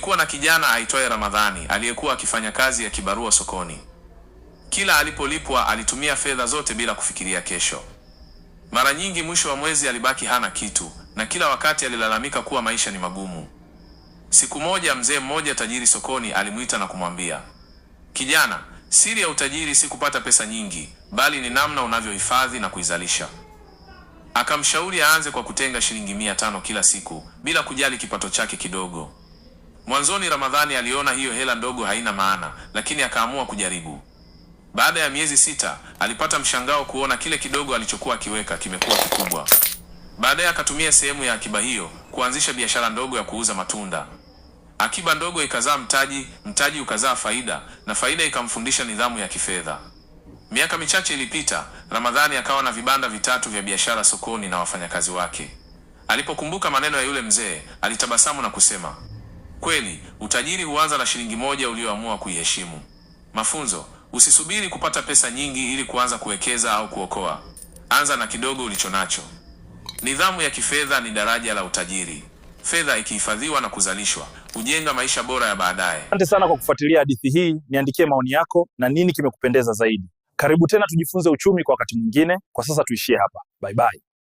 Kulikuwa na kijana aitwaye Ramadhani aliyekuwa akifanya kazi ya kibarua sokoni. Kila alipolipwa alitumia fedha zote bila kufikiria kesho. Mara nyingi mwisho wa mwezi alibaki hana kitu, na kila wakati alilalamika kuwa maisha ni magumu. Siku moja mzee mmoja tajiri sokoni alimwita na kumwambia, kijana, siri ya utajiri si kupata pesa nyingi, bali ni namna unavyohifadhi na kuizalisha. Akamshauri aanze kwa kutenga shilingi mia tano kila siku bila kujali kipato chake kidogo. Mwanzoni Ramadhani aliona hiyo hela ndogo haina maana, lakini akaamua kujaribu. Baada ya miezi sita alipata mshangao kuona kile kidogo alichokuwa akiweka kimekuwa kikubwa. Baadaye akatumia sehemu ya akiba hiyo kuanzisha biashara ndogo ya kuuza matunda. Akiba ndogo ikazaa mtaji, mtaji ukazaa faida, na faida ikamfundisha nidhamu ya kifedha. Miaka michache ilipita, Ramadhani akawa na vibanda vitatu vya biashara sokoni na wafanyakazi wake. Alipokumbuka maneno ya yule mzee, alitabasamu na kusema Kweli, utajiri huanza na shilingi moja uliyoamua kuiheshimu. Mafunzo: usisubiri kupata pesa nyingi ili kuanza kuwekeza au kuokoa. Anza na kidogo ulicho nacho. Nidhamu ya kifedha ni daraja la utajiri. Fedha ikihifadhiwa na kuzalishwa hujenga maisha bora ya baadaye. Asante sana kwa kufuatilia hadithi hii. Niandikie maoni yako na nini kimekupendeza zaidi. Karibu tena tujifunze uchumi kwa wakati mwingine. Kwa sasa tuishie hapa. Bye bye.